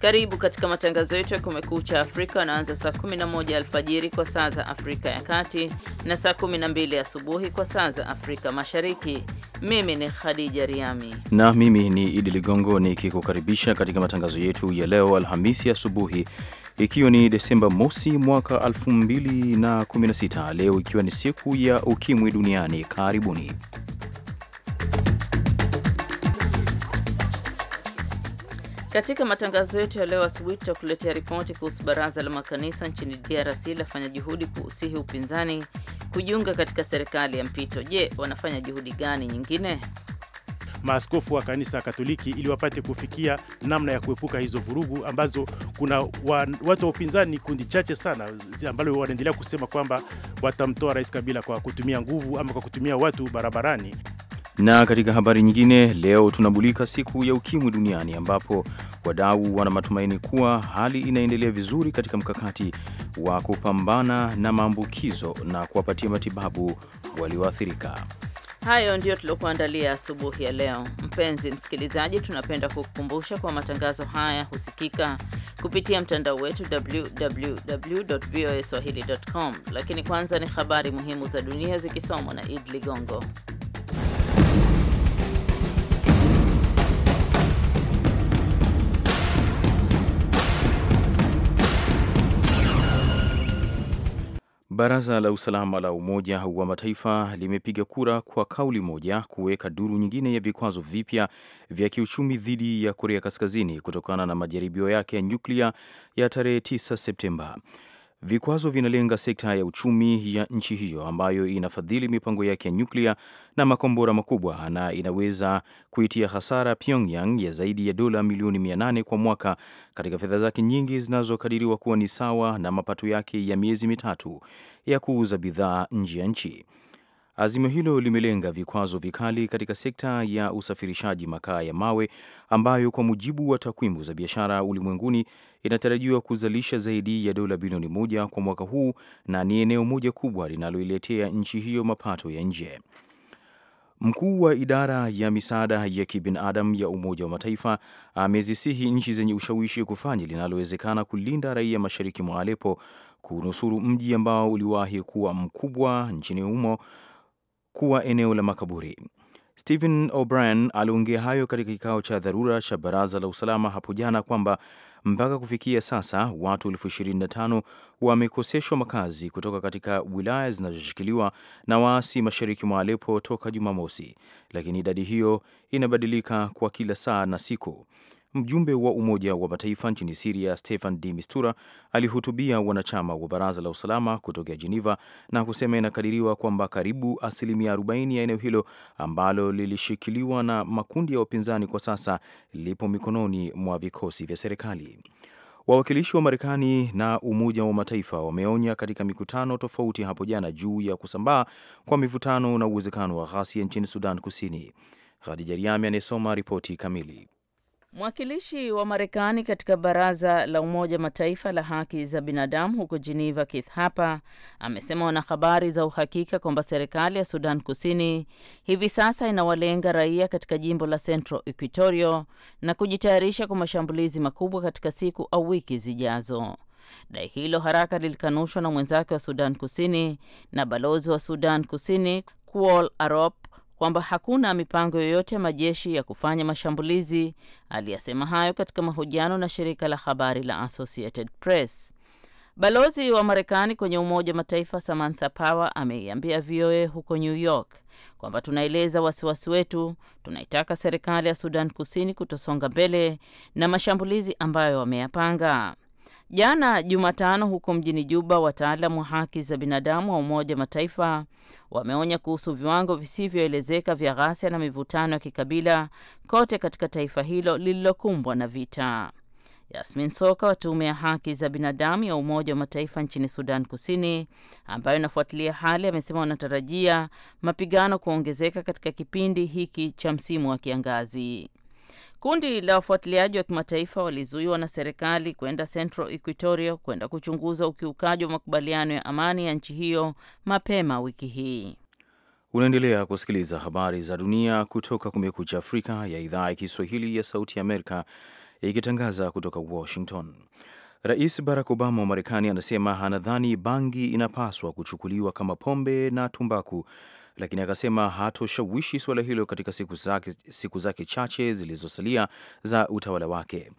Karibu katika matangazo yetu ya kumekucha Afrika wanaanza saa 11 alfajiri kwa saa za Afrika ya Kati na saa 12 asubuhi kwa saa za Afrika Mashariki. Mimi ni Khadija Riami na mimi ni Idi Ligongo nikikukaribisha katika matangazo yetu ya leo Alhamisi asubuhi ikiwa ni Desemba mosi mwaka 2016, leo ikiwa ni siku ya ukimwi duniani. Karibuni. Katika matangazo yetu ya leo asubuhi tutakuletea ripoti kuhusu baraza la makanisa nchini DRC lafanya juhudi kuusihi upinzani kujiunga katika serikali ya mpito. Je, wanafanya juhudi gani nyingine? Maaskofu wa kanisa Katoliki ili wapate kufikia namna ya kuepuka hizo vurugu ambazo kuna wa, watu wa upinzani ni kundi chache sana ambalo wanaendelea kusema kwamba watamtoa Rais Kabila kwa kutumia nguvu ama kwa kutumia watu barabarani. Na katika habari nyingine, leo tunamulika siku ya ukimwi duniani, ambapo wadau wana matumaini kuwa hali inaendelea vizuri katika mkakati wa kupambana na maambukizo na kuwapatia matibabu walioathirika. Hayo ndiyo tuliokuandalia asubuhi ya leo. Mpenzi msikilizaji, tunapenda kukukumbusha kwa matangazo haya husikika kupitia mtandao wetu www.voaswahili.com. Lakini kwanza ni habari muhimu za dunia zikisomwa na Id Ligongo. Baraza la usalama la Umoja wa Mataifa limepiga kura kwa kauli moja kuweka duru nyingine ya vikwazo vipya vya kiuchumi dhidi ya Korea Kaskazini kutokana na majaribio yake ya nyuklia ya tarehe 9 Septemba. Vikwazo vinalenga sekta ya uchumi ya nchi hiyo ambayo inafadhili mipango yake ya nyuklia na makombora makubwa na inaweza kuitia hasara Pyongyang ya zaidi ya dola milioni 800 kwa mwaka katika fedha zake nyingi zinazokadiriwa kuwa ni sawa na mapato yake ya miezi mitatu ya kuuza bidhaa nje ya nchi. Azimio hilo limelenga vikwazo vikali katika sekta ya usafirishaji makaa ya mawe ambayo kwa mujibu wa takwimu za biashara ulimwenguni inatarajiwa kuzalisha zaidi ya dola bilioni moja kwa mwaka huu na ni eneo moja kubwa linaloiletea nchi hiyo mapato ya nje. Mkuu wa idara ya misaada ya kibinadamu ya Umoja wa Mataifa amezisihi nchi zenye ushawishi kufanya linalowezekana kulinda raia mashariki mwa Alepo, kunusuru mji ambao uliwahi kuwa mkubwa nchini humo kuwa eneo la makaburi. Stephen O'Brien aliongea hayo katika kikao cha dharura cha baraza la usalama hapo jana kwamba mpaka kufikia sasa watu elfu ishirini na tano wamekoseshwa makazi kutoka katika wilaya zinazoshikiliwa na waasi mashariki mwa Alepo toka Jumamosi, lakini idadi hiyo inabadilika kwa kila saa na siku mjumbe wa Umoja wa Mataifa nchini Siria Stefan de Mistura alihutubia wanachama wa Baraza la Usalama kutokea Jeneva na kusema inakadiriwa kwamba karibu asilimia 40 ya eneo hilo ambalo lilishikiliwa na makundi ya wapinzani kwa sasa lipo mikononi mwa vikosi vya serikali. Wawakilishi wa Marekani na Umoja wa Mataifa wameonya katika mikutano tofauti hapo jana juu ya kusambaa kwa mivutano na uwezekano wa ghasia nchini Sudan Kusini. Khadija Riami anayesoma ripoti kamili. Mwakilishi wa Marekani katika Baraza la Umoja Mataifa la Haki za Binadamu huko Geneva, Keith Harper, amesema wanahabari za uhakika kwamba serikali ya Sudan Kusini hivi sasa inawalenga raia katika jimbo la Central Equatoria na kujitayarisha kwa mashambulizi makubwa katika siku au wiki zijazo. Dai hilo haraka lilikanushwa na mwenzake wa Sudan Kusini na balozi wa Sudan Kusini Kuol Arop kwamba hakuna mipango yoyote ya majeshi ya kufanya mashambulizi. Aliyasema hayo katika mahojiano na shirika la habari la Associated Press. Balozi wa Marekani kwenye Umoja wa Mataifa Samantha Power ameiambia VOA huko New York kwamba tunaeleza wasiwasi wetu, tunaitaka serikali ya Sudan Kusini kutosonga mbele na mashambulizi ambayo wameyapanga. Jana Jumatano huko mjini Juba, wataalamu wa haki za binadamu wa Umoja wa Mataifa wameonya kuhusu viwango visivyoelezeka vya ghasia na mivutano ya kikabila kote katika taifa hilo lililokumbwa na vita. Yasmin Soka wa tume ya haki za binadamu ya Umoja wa Mataifa nchini Sudan Kusini, ambayo inafuatilia hali, amesema wanatarajia mapigano kuongezeka katika kipindi hiki cha msimu wa kiangazi. Kundi la wafuatiliaji wa kimataifa walizuiwa na serikali kwenda Central Equatoria kwenda kuchunguza ukiukaji wa makubaliano ya amani ya nchi hiyo mapema wiki hii. Unaendelea kusikiliza habari za dunia kutoka Kumekucha Afrika ya idhaa ya Kiswahili ya Sauti ya Amerika ikitangaza kutoka Washington. Rais Barack Obama wa Marekani anasema anadhani bangi inapaswa kuchukuliwa kama pombe na tumbaku lakini akasema hatoshawishi suala hilo katika siku zake, siku zake chache zilizosalia za utawala wake.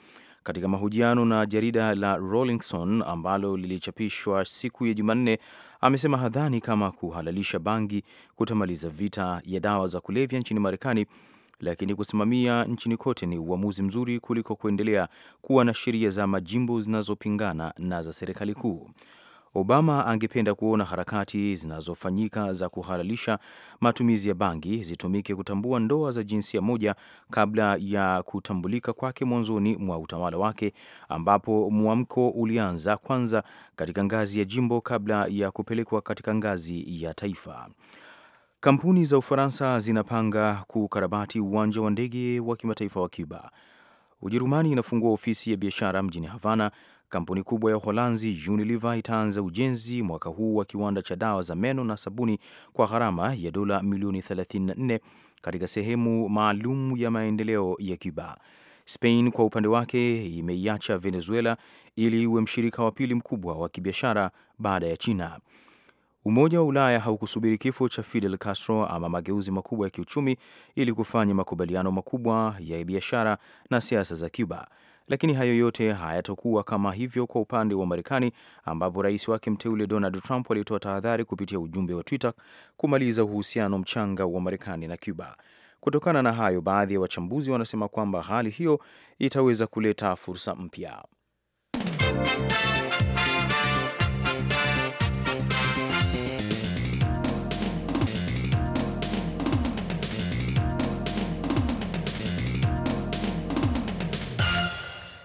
Katika mahojiano na jarida la Rolling Stone ambalo lilichapishwa siku ya Jumanne, amesema hadhani kama kuhalalisha bangi kutamaliza vita ya dawa za kulevya nchini Marekani, lakini kusimamia nchini kote ni uamuzi mzuri kuliko kuendelea kuwa na sheria za majimbo zinazopingana na za serikali kuu. Obama angependa kuona harakati zinazofanyika za kuhalalisha matumizi ya bangi zitumike kutambua ndoa za jinsia moja kabla ya kutambulika kwake mwanzoni mwa utawala wake, ambapo mwamko ulianza kwanza katika ngazi ya jimbo kabla ya kupelekwa katika ngazi ya taifa. Kampuni za Ufaransa zinapanga kukarabati uwanja wa ndege wa kimataifa wa Cuba. Ujerumani inafungua ofisi ya biashara mjini Havana Kampuni kubwa ya Uholanzi Unilever itaanza ujenzi mwaka huu wa kiwanda cha dawa za meno na sabuni kwa gharama ya dola milioni 34 katika sehemu maalum ya maendeleo ya Cuba. Spain kwa upande wake imeiacha Venezuela ili iwe mshirika wa pili mkubwa wa kibiashara baada ya China. Umoja wa Ulaya haukusubiri kifo cha Fidel Castro ama mageuzi makubwa ya kiuchumi ili kufanya makubaliano makubwa ya biashara na siasa za Cuba. Lakini hayo yote hayatokuwa kama hivyo kwa upande wa Marekani, ambapo rais wake mteule Donald Trump alitoa tahadhari kupitia ujumbe wa Twitter kumaliza uhusiano mchanga wa Marekani na Cuba. Kutokana na hayo, baadhi ya wa wachambuzi wanasema kwamba hali hiyo itaweza kuleta fursa mpya.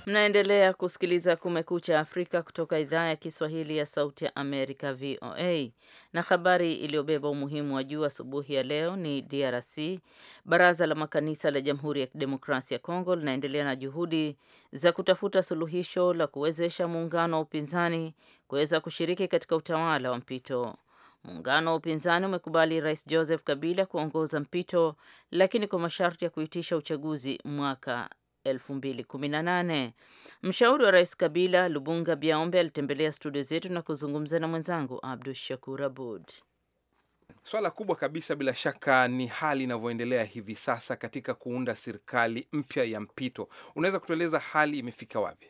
Mnaendelea kusikiliza Kumekucha Afrika kutoka idhaa ya Kiswahili ya Sauti ya Amerika, VOA. Na habari iliyobeba umuhimu wa juu asubuhi ya leo ni DRC. Baraza la Makanisa la Jamhuri ya Kidemokrasia ya Kongo linaendelea na juhudi za kutafuta suluhisho la kuwezesha muungano wa upinzani kuweza kushiriki katika utawala wa mpito. Muungano wa upinzani umekubali Rais Joseph Kabila kuongoza mpito, lakini kwa masharti ya kuitisha uchaguzi mwaka 2018. Mshauri wa Rais Kabila Lubunga Biaombe alitembelea studio zetu na kuzungumza na mwenzangu Abdu Shakur Abud. Swala kubwa kabisa bila shaka ni hali inavyoendelea hivi sasa katika kuunda serikali mpya ya mpito. Unaweza kutueleza hali imefika wapi?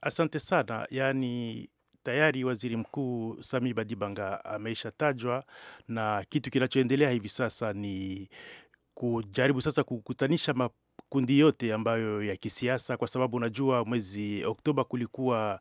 Asante sana. Yaani tayari waziri mkuu Sami Badibanga tajwa na kitu kinachoendelea hivi sasa ni kujaribu sasa kukutanisha makundi yote ambayo ya kisiasa, kwa sababu unajua mwezi Oktoba kulikuwa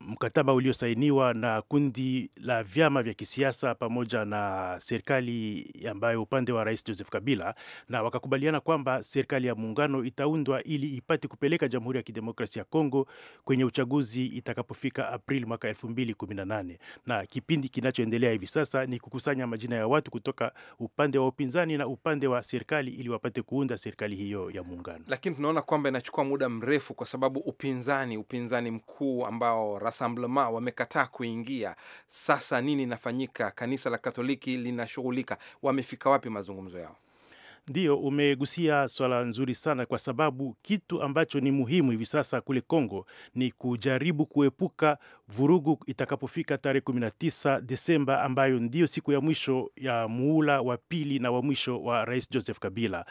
mkataba uliosainiwa na kundi la vyama vya kisiasa pamoja na serikali ambayo upande wa Rais Joseph Kabila, na wakakubaliana kwamba serikali ya muungano itaundwa ili ipate kupeleka Jamhuri ya Kidemokrasia ya Kongo kwenye uchaguzi itakapofika Aprili mwaka 2018. Na kipindi kinachoendelea hivi sasa ni kukusanya majina ya watu kutoka upande wa upinzani na upande wa serikali ili wapate kuunda serikali hiyo ya muungano, lakini tunaona kwamba inachukua muda mrefu kwa sababu upinzani upinzani mkuu ambao Rassemblement wamekataa kuingia. Sasa nini inafanyika? Kanisa la Katoliki linashughulika, wamefika wapi mazungumzo yao? Ndiyo, umegusia swala nzuri sana kwa sababu kitu ambacho ni muhimu hivi sasa kule Kongo ni kujaribu kuepuka vurugu itakapofika tarehe 19 Desemba, ambayo ndiyo siku ya mwisho ya muhula wa pili na wa mwisho wa Rais Joseph Kabila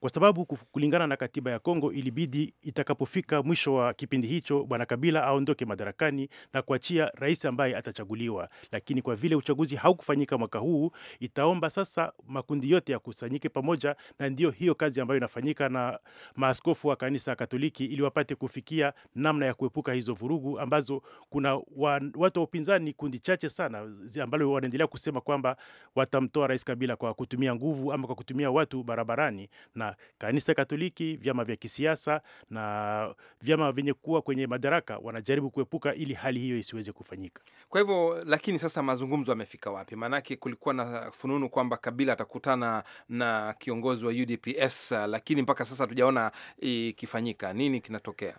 kwa sababu kulingana na katiba ya Kongo ilibidi itakapofika mwisho wa kipindi hicho bwana Kabila aondoke madarakani na kuachia rais ambaye atachaguliwa. Lakini kwa vile uchaguzi haukufanyika mwaka huu, itaomba sasa makundi yote yakusanyike pamoja, na ndio hiyo kazi ambayo inafanyika na maaskofu wa kanisa Katoliki ili wapate kufikia namna ya kuepuka hizo vurugu ambazo kuna wa, watu wa upinzani kundi chache sana ambalo wanaendelea kusema kwamba watamtoa rais Kabila kwa kutumia nguvu ama kwa kutumia watu barabarani na kanisa Katoliki, vyama vya kisiasa na vyama vyenye kuwa kwenye madaraka wanajaribu kuepuka ili hali hiyo isiweze kufanyika. Kwa hivyo, lakini sasa mazungumzo yamefika wapi? Maanake kulikuwa na fununu kwamba Kabila atakutana na kiongozi wa UDPS, lakini mpaka sasa hatujaona ikifanyika. Nini kinatokea?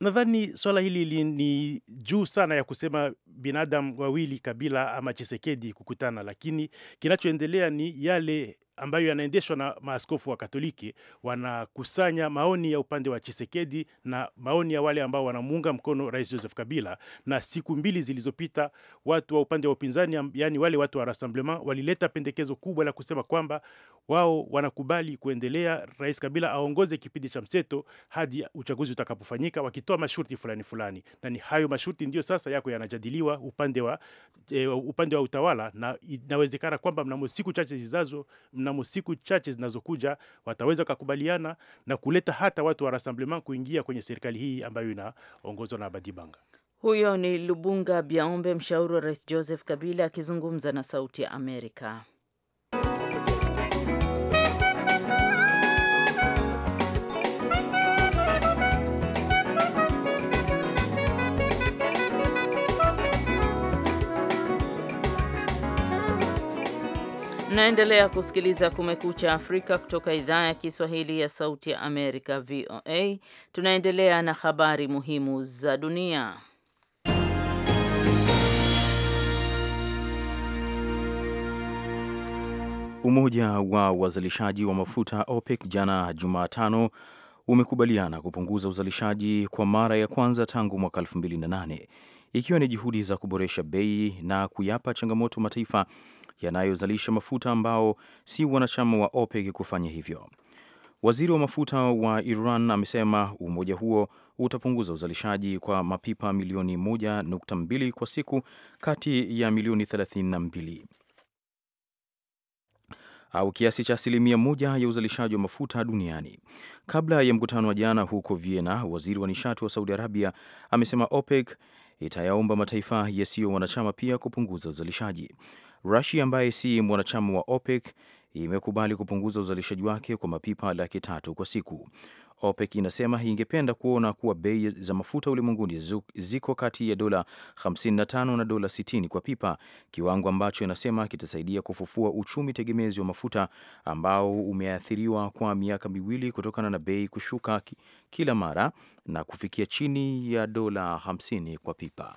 Nadhani swala hili ni juu sana ya kusema binadamu wawili Kabila ama Chisekedi kukutana, lakini kinachoendelea ni yale ambayo yanaendeshwa na maaskofu wa Katoliki wanakusanya maoni ya upande wa Chisekedi na maoni ya wale ambao wanamuunga mkono Rais Joseph Kabila. Na siku mbili zilizopita, watu wa upande wa upinzani, yani wale watu wa Rassemblement, walileta pendekezo kubwa la kusema kwamba wao wanakubali kuendelea Rais Kabila aongoze kipindi cha mseto hadi uchaguzi utakapofanyika, wakitoa masharti fulani fulani, na ni hayo masharti ndio sasa yako yanajadiliwa upande wa, e, upande wa utawala na inawezekana kwamba mnamo siku chache zizazo mna mnamo siku chache zinazokuja wataweza kukubaliana na kuleta hata watu wa Rassemblement kuingia kwenye serikali hii ambayo inaongozwa na Badibanga. Huyo ni Lubunga Biaombe, mshauri wa Rais Joseph Kabila akizungumza na Sauti ya Amerika. Mnaendelea kusikiliza Kumekucha Afrika kutoka idhaa ya Kiswahili ya Sauti ya Amerika, VOA. Tunaendelea na habari muhimu za dunia. Umoja wa wazalishaji wa mafuta OPEC jana Jumatano umekubaliana kupunguza uzalishaji kwa mara ya kwanza tangu mwaka 2008 ikiwa ni juhudi za kuboresha bei na kuyapa changamoto mataifa yanayozalisha mafuta ambao si wanachama wa OPEC kufanya hivyo. Waziri wa mafuta wa Iran amesema umoja huo utapunguza uzalishaji kwa mapipa milioni 1.2 kwa siku kati ya milioni 32 au kiasi cha asilimia moja ya uzalishaji wa mafuta duniani. Kabla ya mkutano wa jana huko Vienna, waziri wa nishati wa Saudi Arabia amesema OPEC itayaomba mataifa yasiyo wanachama pia kupunguza uzalishaji. Rusia ambaye si mwanachama wa OPEC imekubali kupunguza uzalishaji wake kwa mapipa laki tatu kwa siku. OPEC inasema ingependa kuona kuwa bei za mafuta ulimwenguni ziko kati ya dola 55 na dola 60 kwa pipa, kiwango ambacho inasema kitasaidia kufufua uchumi tegemezi wa mafuta ambao umeathiriwa kwa miaka miwili kutokana na bei kushuka kila mara na kufikia chini ya dola 50 kwa pipa.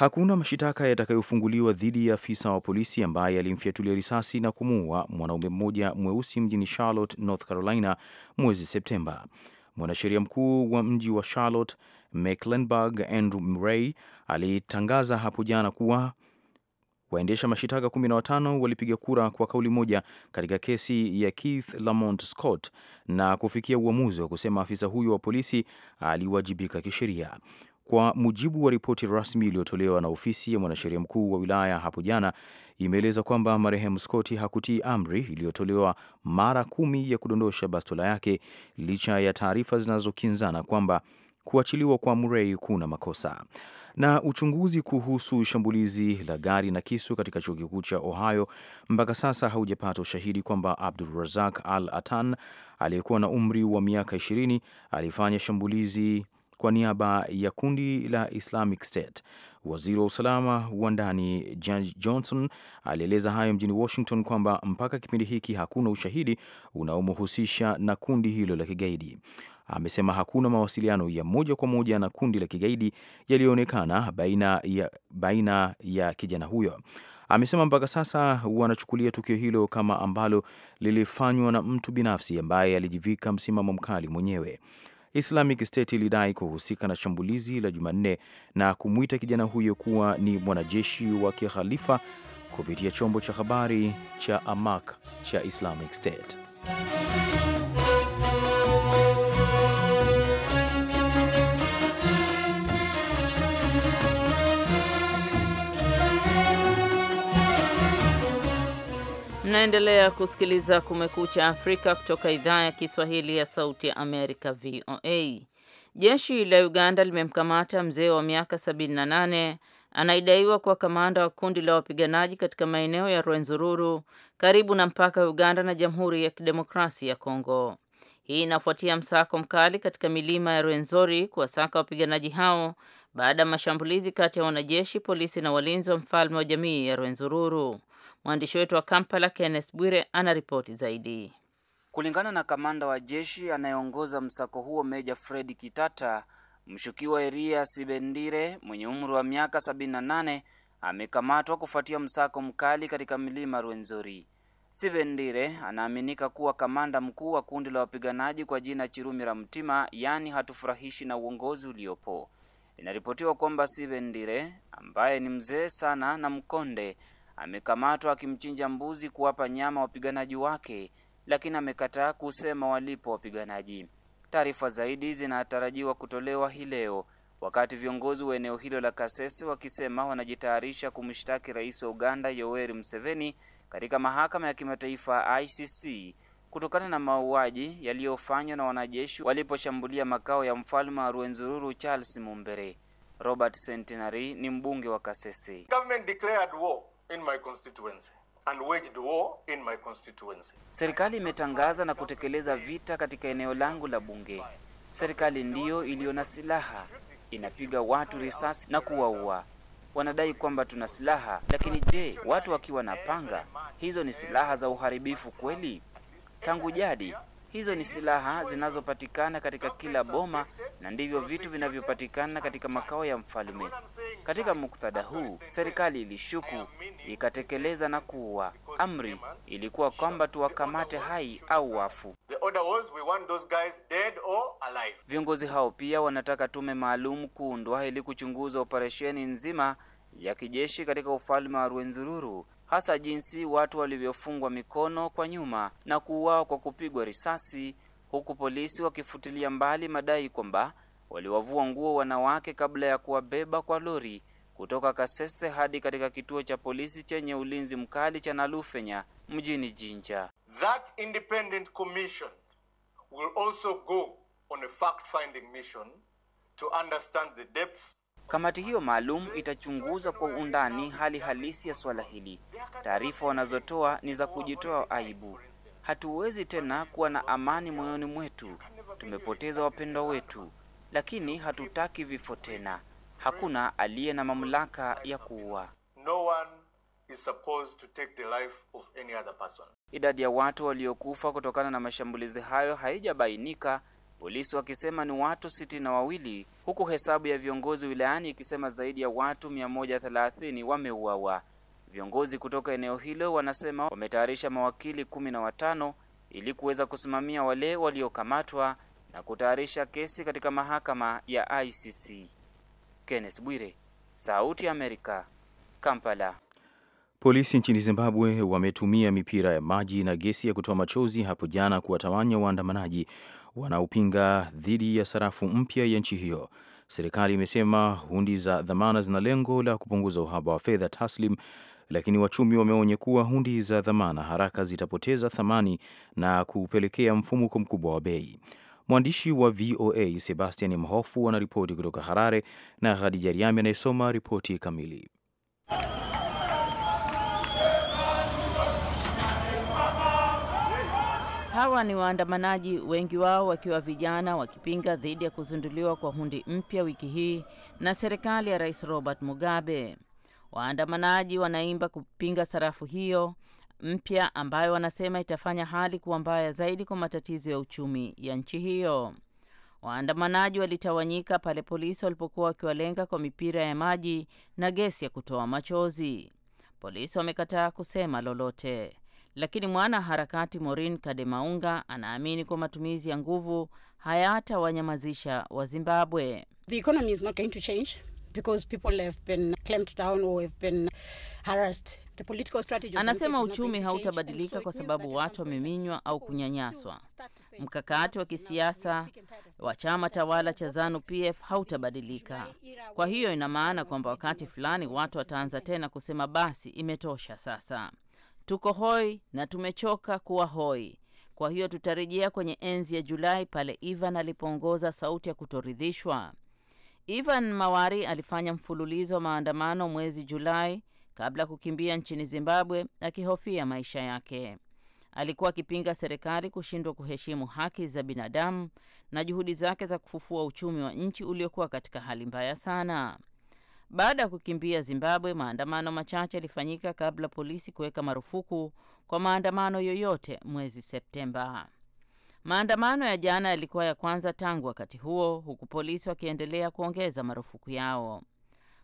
Hakuna mashitaka yatakayofunguliwa dhidi ya afisa wa polisi ambaye alimfyatulia risasi na kumuua mwanaume mmoja mweusi mjini Charlotte, North Carolina mwezi Septemba. Mwanasheria mkuu wa mji wa Charlotte, Mecklenburg Andrew Murray, alitangaza hapo jana kuwa waendesha mashitaka 15 walipiga kura kwa kauli moja katika kesi ya Keith Lamont Scott na kufikia uamuzi wa kusema afisa huyo wa polisi aliwajibika kisheria. Kwa mujibu wa ripoti rasmi iliyotolewa na ofisi ya mwanasheria mkuu wa wilaya hapo jana, imeeleza kwamba marehemu Scott hakutii amri iliyotolewa mara kumi ya kudondosha bastola yake licha ya taarifa zinazokinzana kwamba kuachiliwa kwa Murray kuna makosa. Na uchunguzi kuhusu shambulizi la gari na kisu katika chuo kikuu cha Ohio mpaka sasa haujapata ushahidi kwamba Abdulrazak Al Atan aliyekuwa na umri wa miaka 20 alifanya shambulizi kwa niaba ya kundi la Islamic State. Waziri wa usalama wa ndani Jan Johnson alieleza hayo mjini Washington kwamba mpaka kipindi hiki hakuna ushahidi unaomhusisha na kundi hilo la kigaidi. Amesema hakuna mawasiliano ya moja kwa moja na kundi la kigaidi yaliyoonekana baina ya, baina ya kijana huyo. Amesema mpaka sasa wanachukulia tukio hilo kama ambalo lilifanywa na mtu binafsi ambaye alijivika msimamo mkali mwenyewe. Islamic State ilidai kuhusika na shambulizi la Jumanne na kumwita kijana huyo kuwa ni mwanajeshi wa kikhalifa kupitia chombo cha habari cha Amaq cha Islamic State. Mnaendelea kusikiliza Kumekucha Afrika kutoka idhaa ya Kiswahili ya Sauti ya Amerika, VOA. Jeshi la Uganda limemkamata mzee wa miaka 78 anaidaiwa kuwa kamanda wa kundi la wapiganaji katika maeneo ya Rwenzururu karibu na mpaka wa Uganda na Jamhuri ya Kidemokrasia ya Kongo. Hii inafuatia msako mkali katika milima ya Rwenzori kuwasaka wapiganaji hao baada ya mashambulizi kati ya wanajeshi, polisi na walinzi wa mfalme wa jamii ya Rwenzururu. Mwandishi wetu wa Kampala, Kenneth Bwire, anaripoti zaidi. Kulingana na kamanda wa jeshi anayeongoza msako huo, Meja Fred Kitata, mshukiwa Eria Sibendire mwenye umri wa miaka 78 amekamatwa kufuatia msako mkali katika milima Rwenzori. Sibendire anaaminika kuwa kamanda mkuu wa kundi la wapiganaji kwa jina Chirumira Mtima, yaani hatufurahishi na uongozi uliopo. Inaripotiwa kwamba Sibendire ambaye ni mzee sana na mkonde amekamatwa akimchinja mbuzi kuwapa nyama wapiganaji wake, lakini amekataa kusema walipo wapiganaji. Taarifa zaidi zinatarajiwa kutolewa hii leo, wakati viongozi wa eneo hilo la Kasese wakisema wanajitayarisha kumshtaki rais wa Uganda Yoweri Museveni katika mahakama ya kimataifa ICC kutokana na mauaji yaliyofanywa na wanajeshi waliposhambulia makao ya mfalme wa Rwenzururu Charles Mumbere. Robert Centenary ni mbunge wa Kasese. Government declared war in my constituency and waged war in my constituency. Serikali imetangaza na kutekeleza vita katika eneo langu la bunge. Serikali ndiyo iliyo na silaha, inapiga watu risasi na kuwaua. Wanadai kwamba tuna silaha, lakini je, watu wakiwa na panga, hizo ni silaha za uharibifu kweli? Tangu jadi hizo ni silaha zinazopatikana katika kila boma na ndivyo vitu vinavyopatikana katika makao ya mfalme. Katika muktadha huu, serikali ilishuku ikatekeleza na kuua. Amri ilikuwa kwamba tuwakamate hai au wafu. Viongozi hao pia wanataka tume maalum kuundwa ili kuchunguza operesheni nzima ya kijeshi katika ufalme wa Rwenzururu, hasa jinsi watu walivyofungwa mikono kwa nyuma na kuuawa kwa kupigwa risasi huku polisi wakifutilia mbali madai kwamba waliwavua nguo wanawake kabla ya kuwabeba kwa lori kutoka Kasese hadi katika kituo cha polisi chenye ulinzi mkali cha Nalufenya mjini Jinja. That independent commission will also go on a fact-finding mission to understand the depth Kamati hiyo maalum itachunguza kwa undani hali halisi ya swala hili. Taarifa wanazotoa ni za kujitoa aibu. Hatuwezi tena kuwa na amani moyoni mwetu. Tumepoteza wapendwa wetu, lakini hatutaki vifo tena. Hakuna aliye na mamlaka ya kuua. No one is supposed to take the life of any other person. Idadi ya watu waliokufa kutokana na mashambulizi hayo haijabainika, polisi wakisema ni watu sitini na wawili, huku hesabu ya viongozi wilayani ikisema zaidi ya watu 130 wameuawa. Viongozi kutoka eneo hilo wanasema wametayarisha mawakili kumi na watano ili kuweza kusimamia wale waliokamatwa na kutayarisha kesi katika mahakama ya ICC. Kenneth Bwire, Sauti ya Amerika, Kampala. Polisi nchini Zimbabwe wametumia mipira ya maji na gesi ya kutoa machozi hapo jana kuwatawanya waandamanaji wanaopinga dhidi ya sarafu mpya ya nchi hiyo. Serikali imesema hundi za dhamana zina lengo la kupunguza uhaba wa fedha taslim lakini wachumi wameonya kuwa hundi za dhamana haraka zitapoteza thamani na kupelekea mfumuko mkubwa wa bei. Mwandishi wa VOA Sebastian Mhofu anaripoti kutoka Harare na Khadija Riami anayesoma ripoti kamili. Hawa ni waandamanaji, wengi wao wakiwa vijana, wakipinga dhidi ya kuzinduliwa kwa hundi mpya wiki hii na serikali ya Rais Robert Mugabe. Waandamanaji wanaimba kupinga sarafu hiyo mpya ambayo wanasema itafanya hali kuwa mbaya zaidi kwa matatizo ya uchumi ya nchi hiyo. Waandamanaji walitawanyika pale polisi walipokuwa wakiwalenga kwa mipira ya maji na gesi ya kutoa machozi. Polisi wamekataa kusema lolote, lakini mwana harakati Maureen Kademaunga anaamini kwa matumizi ya nguvu hayatawanyamazisha Wazimbabwe. The economy is not going to change because people have been clamped down or have been harassed. The political strategy. Anasema uchumi hautabadilika kwa sababu watu wameminywa au kunyanyaswa. Mkakati wa kisiasa wa chama tawala cha Zanu PF hautabadilika. Kwa hiyo ina maana kwamba wakati fulani watu wataanza tena kusema basi, imetosha sasa, tuko hoi na tumechoka kuwa hoi. Kwa hiyo tutarejea kwenye enzi ya Julai pale Ivan alipoongoza sauti ya kutoridhishwa. Ivan Mawari alifanya mfululizo wa maandamano mwezi Julai kabla ya kukimbia nchini Zimbabwe akihofia maisha yake. Alikuwa akipinga serikali kushindwa kuheshimu haki za binadamu na juhudi zake za kufufua uchumi wa nchi uliokuwa katika hali mbaya sana. Baada ya kukimbia Zimbabwe, maandamano machache yalifanyika kabla polisi kuweka marufuku kwa maandamano yoyote mwezi Septemba. Maandamano ya jana yalikuwa ya kwanza tangu wakati huo, huku polisi wakiendelea kuongeza marufuku yao.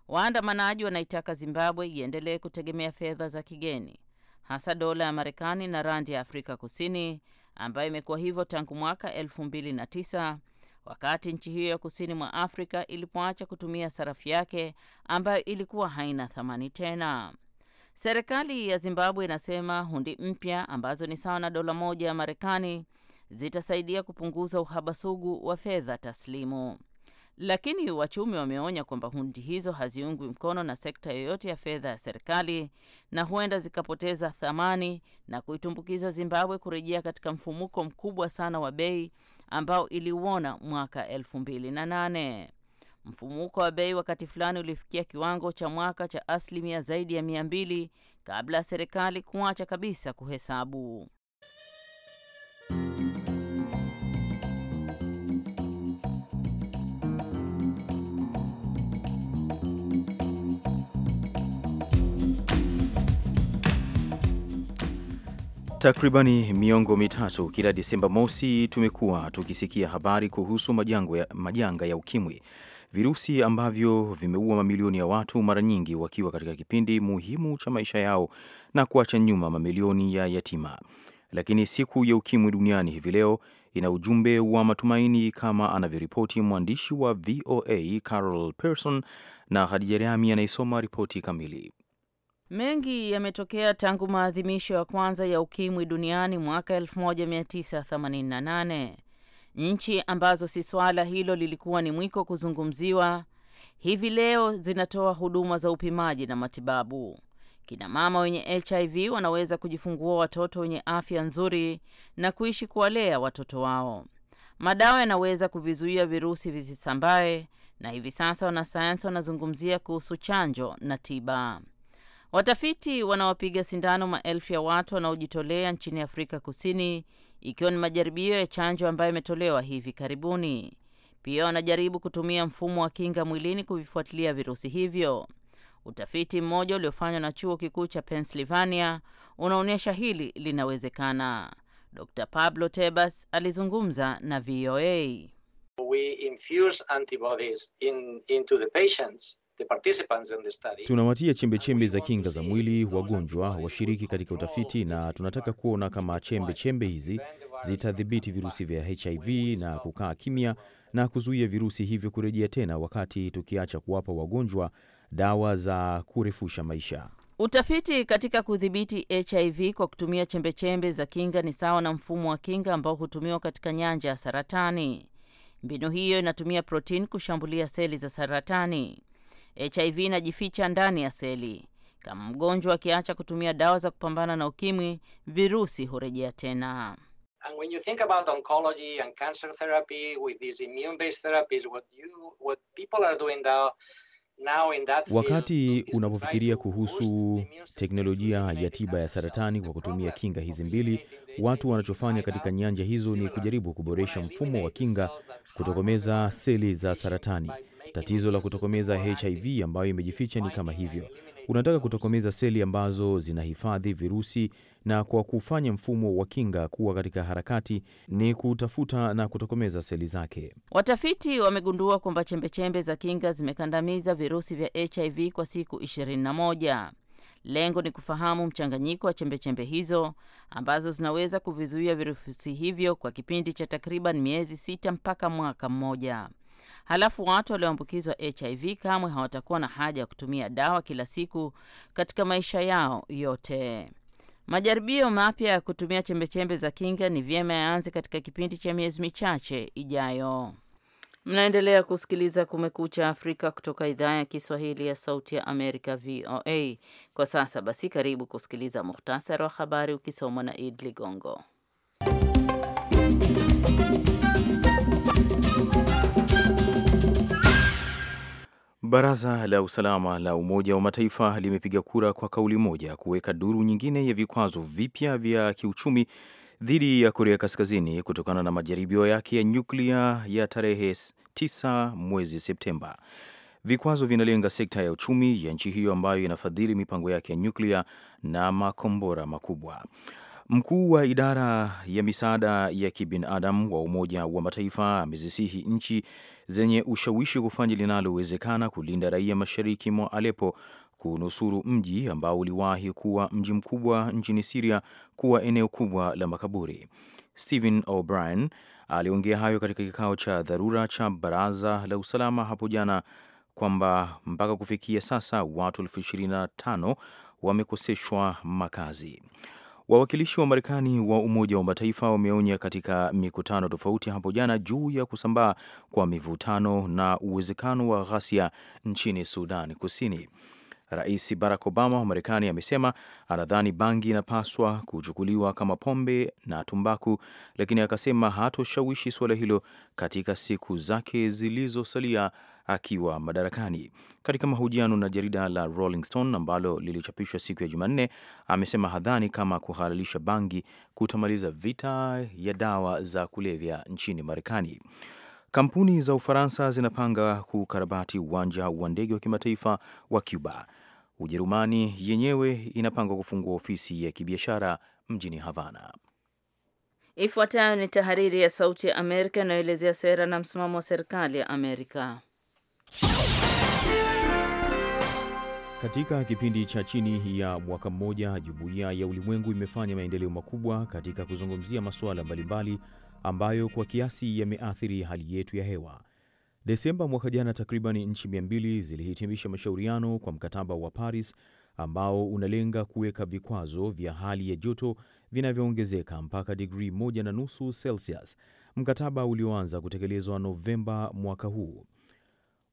Waandamanaji wanaitaka Zimbabwe iendelee kutegemea fedha za kigeni, hasa dola ya Marekani na randi ya Afrika Kusini ambayo imekuwa hivyo tangu mwaka 2009 wakati nchi hiyo ya kusini mwa Afrika ilipoacha kutumia sarafu yake ambayo ilikuwa haina thamani tena. Serikali ya Zimbabwe inasema hundi mpya ambazo ni sawa na dola moja ya Marekani zitasaidia kupunguza uhaba sugu wa fedha taslimu. Lakini wachumi wameonya kwamba hundi hizo haziungwi mkono na sekta yoyote ya fedha ya serikali na huenda zikapoteza thamani na kuitumbukiza Zimbabwe kurejea katika mfumuko mkubwa sana wa bei ambao iliuona mwaka elfu mbili na nane. Mfumuko wa bei wakati fulani ulifikia kiwango cha mwaka cha asilimia zaidi ya mia mbili kabla ya serikali kuacha kabisa kuhesabu. Takribani miongo mitatu kila Desemba mosi tumekuwa tukisikia habari kuhusu majanga ya, majanga ya ukimwi, virusi ambavyo vimeua mamilioni ya watu, mara nyingi wakiwa katika kipindi muhimu cha maisha yao na kuacha nyuma mamilioni ya yatima. Lakini siku ya ukimwi duniani hivi leo ina ujumbe wa matumaini, kama anavyoripoti mwandishi wa VOA Carol Pearson, na Hadija Riami anayesoma ripoti kamili. Mengi yametokea tangu maadhimisho ya kwanza ya ukimwi duniani mwaka 1988. Nchi ambazo si swala hilo lilikuwa ni mwiko kuzungumziwa, hivi leo zinatoa huduma za upimaji na matibabu. Kina mama wenye HIV wanaweza kujifungua watoto wenye afya nzuri na kuishi kuwalea watoto wao. Madawa yanaweza kuvizuia virusi visisambae, na hivi sasa wanasayansi wanazungumzia kuhusu chanjo na tiba. Watafiti wanaopiga sindano maelfu ya watu wanaojitolea nchini Afrika Kusini, ikiwa ni majaribio ya chanjo ambayo imetolewa hivi karibuni. Pia wanajaribu kutumia mfumo wa kinga mwilini kuvifuatilia virusi hivyo. Utafiti mmoja uliofanywa na chuo kikuu cha Pennsylvania unaonyesha hili linawezekana. Dr. Pablo Tebas alizungumza na VOA. We infuse antibodies in, into the patients. Tunawatia chembechembe za kinga za mwili wagonjwa washiriki katika utafiti, na tunataka kuona kama chembechembe hizi zitadhibiti virusi vya HIV na kukaa kimya na kuzuia virusi hivyo kurejea tena, wakati tukiacha kuwapa wagonjwa dawa za kurefusha maisha. Utafiti katika kudhibiti HIV kwa kutumia chembechembe za kinga ni sawa na mfumo wa kinga ambao hutumiwa katika nyanja ya saratani. Mbinu hiyo inatumia protini kushambulia seli za saratani. HIV inajificha ndani ya seli. Kama mgonjwa akiacha kutumia dawa za kupambana na ukimwi, virusi hurejea tena. Wakati unapofikiria kuhusu teknolojia ya tiba ya saratani kwa kutumia kinga hizi mbili, watu wanachofanya katika nyanja hizo ni kujaribu kuboresha mfumo wa kinga kutokomeza seli za saratani. Tatizo la kutokomeza HIV ambayo imejificha ni kama hivyo. Unataka kutokomeza seli ambazo zinahifadhi virusi, na kwa kufanya mfumo wa kinga kuwa katika harakati ni kutafuta na kutokomeza seli zake. Watafiti wamegundua kwamba chembechembe za kinga zimekandamiza virusi vya HIV kwa siku 21. Lengo ni kufahamu mchanganyiko wa chembechembe hizo ambazo zinaweza kuvizuia virusi hivyo kwa kipindi cha takriban miezi sita mpaka mwaka mmoja. Halafu watu walioambukizwa HIV kamwe hawatakuwa na haja ya kutumia dawa kila siku katika maisha yao yote. Majaribio mapya ya kutumia chembechembe za kinga ni vyema yaanze katika kipindi cha miezi michache ijayo. Mnaendelea kusikiliza Kumekucha Afrika kutoka idhaa ya Kiswahili ya Sauti ya Amerika, VOA. Kwa sasa basi, karibu kusikiliza muhtasari wa habari ukisomwa na Id Ligongo. Baraza la Usalama la Umoja wa Mataifa limepiga kura kwa kauli moja kuweka duru nyingine ya vikwazo vipya vya kiuchumi dhidi ya Korea Kaskazini kutokana na majaribio yake ya nyuklia ya tarehe 9 mwezi Septemba. Vikwazo vinalenga sekta ya uchumi ya nchi hiyo ambayo inafadhili mipango yake ya nyuklia na makombora makubwa. Mkuu wa idara ya misaada ya kibinadamu wa Umoja wa Mataifa amezisihi nchi zenye ushawishi kufanya linalowezekana kulinda raia mashariki mwa Aleppo kunusuru mji ambao uliwahi kuwa mji mkubwa nchini Siria kuwa eneo kubwa la makaburi. Stephen O'Brien aliongea hayo katika kikao cha dharura cha baraza la usalama hapo jana kwamba mpaka kufikia sasa watu elfu ishirini na tano wamekoseshwa makazi. Wawakilishi wa Marekani wa Umoja wa Mataifa wameonya katika mikutano tofauti hapo jana juu ya kusambaa kwa mivutano na uwezekano wa ghasia nchini Sudan Kusini. Rais Barack Obama wa Marekani amesema anadhani bangi inapaswa kuchukuliwa kama pombe na tumbaku, lakini akasema hatoshawishi suala hilo katika siku zake zilizosalia akiwa madarakani. Katika mahojiano na jarida la Rolling Stone ambalo lilichapishwa siku ya Jumanne, amesema hadhani kama kuhalalisha bangi kutamaliza vita ya dawa za kulevya nchini Marekani. Kampuni za Ufaransa zinapanga kukarabati uwanja wa ndege wa kimataifa wa Cuba. Ujerumani yenyewe inapanga kufungua ofisi ya kibiashara mjini Havana. Ifuatayo ni tahariri ya Sauti ya Amerika inayoelezea sera na msimamo wa serikali ya Amerika. Katika kipindi cha chini ya mwaka mmoja, jumuiya ya ulimwengu imefanya maendeleo makubwa katika kuzungumzia masuala mbalimbali ambayo kwa kiasi yameathiri hali yetu ya hewa Desemba mwaka jana, takriban nchi mia mbili zilihitimisha mashauriano kwa mkataba wa Paris ambao unalenga kuweka vikwazo vya hali ya joto vinavyoongezeka mpaka digrii moja na nusu Celsius, mkataba ulioanza kutekelezwa Novemba mwaka huu.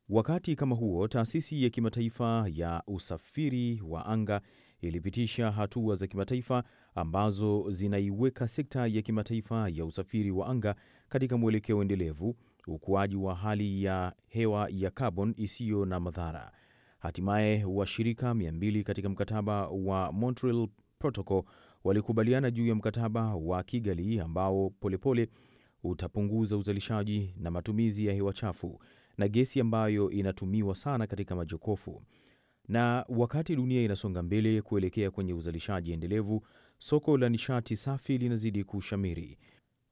Wakati kama huo, taasisi ya kimataifa ya usafiri wa anga ilipitisha hatua za kimataifa ambazo zinaiweka sekta ya kimataifa ya usafiri wa anga katika mwelekeo endelevu ukuaji wa hali ya hewa ya kaboni isiyo na madhara. Hatimaye washirika 200 katika mkataba wa Montreal Protocol walikubaliana juu ya mkataba wa Kigali ambao polepole pole utapunguza uzalishaji na matumizi ya hewa chafu na gesi ambayo inatumiwa sana katika majokofu. Na wakati dunia inasonga mbele kuelekea kwenye uzalishaji endelevu, soko la nishati safi linazidi kushamiri.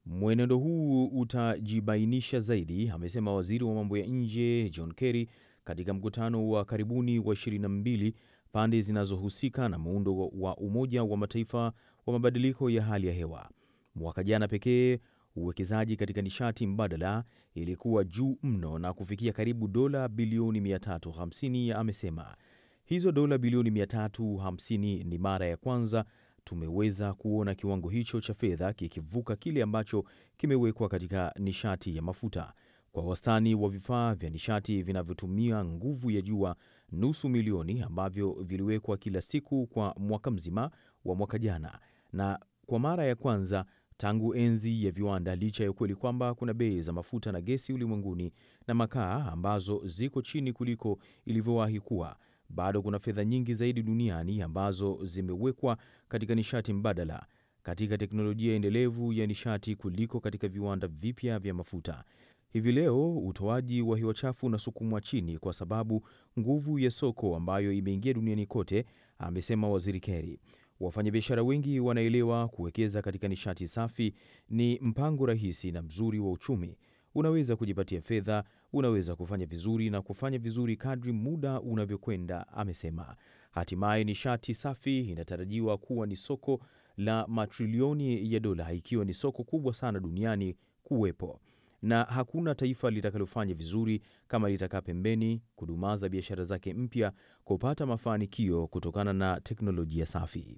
Mwenendo huu utajibainisha zaidi, amesema waziri wa mambo ya nje John Kerry katika mkutano wa karibuni wa 22 pande zinazohusika na muundo wa Umoja wa Mataifa wa mabadiliko ya hali ya hewa. Mwaka jana pekee uwekezaji katika nishati mbadala ilikuwa juu mno na kufikia karibu dola bilioni 350, amesema. Hizo dola bilioni 350 ni mara ya kwanza tumeweza kuona kiwango hicho cha fedha kikivuka kile ambacho kimewekwa katika nishati ya mafuta. Kwa wastani wa vifaa vya nishati vinavyotumia nguvu ya jua nusu milioni ambavyo viliwekwa kila siku kwa mwaka mzima wa mwaka jana, na kwa mara ya kwanza tangu enzi ya viwanda, licha ya ukweli kwamba kuna bei za mafuta na gesi ulimwenguni na makaa ambazo ziko chini kuliko ilivyowahi kuwa bado kuna fedha nyingi zaidi duniani ambazo zimewekwa katika nishati mbadala, katika teknolojia endelevu ya nishati kuliko katika viwanda vipya vya mafuta. Hivi leo utoaji wa hewa chafu unasukumwa chini kwa sababu nguvu ya soko ambayo imeingia duniani kote, amesema Waziri keri Wafanyabiashara wengi wanaelewa kuwekeza katika nishati safi ni mpango rahisi na mzuri wa uchumi. Unaweza kujipatia fedha unaweza kufanya vizuri na kufanya vizuri kadri muda unavyokwenda, amesema. Hatimaye nishati safi inatarajiwa kuwa ni soko la matrilioni ya dola, ikiwa ni soko kubwa sana duniani kuwepo na hakuna taifa litakalofanya vizuri kama litakaa pembeni kudumaza biashara zake mpya kupata mafanikio kutokana na teknolojia safi.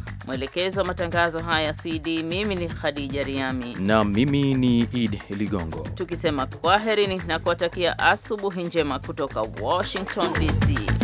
Mwelekezo wa matangazo haya CD, mimi ni Khadija Riami na mimi ni Id Ligongo, tukisema kwaherini na kuwatakia asubuhi njema kutoka Washington DC.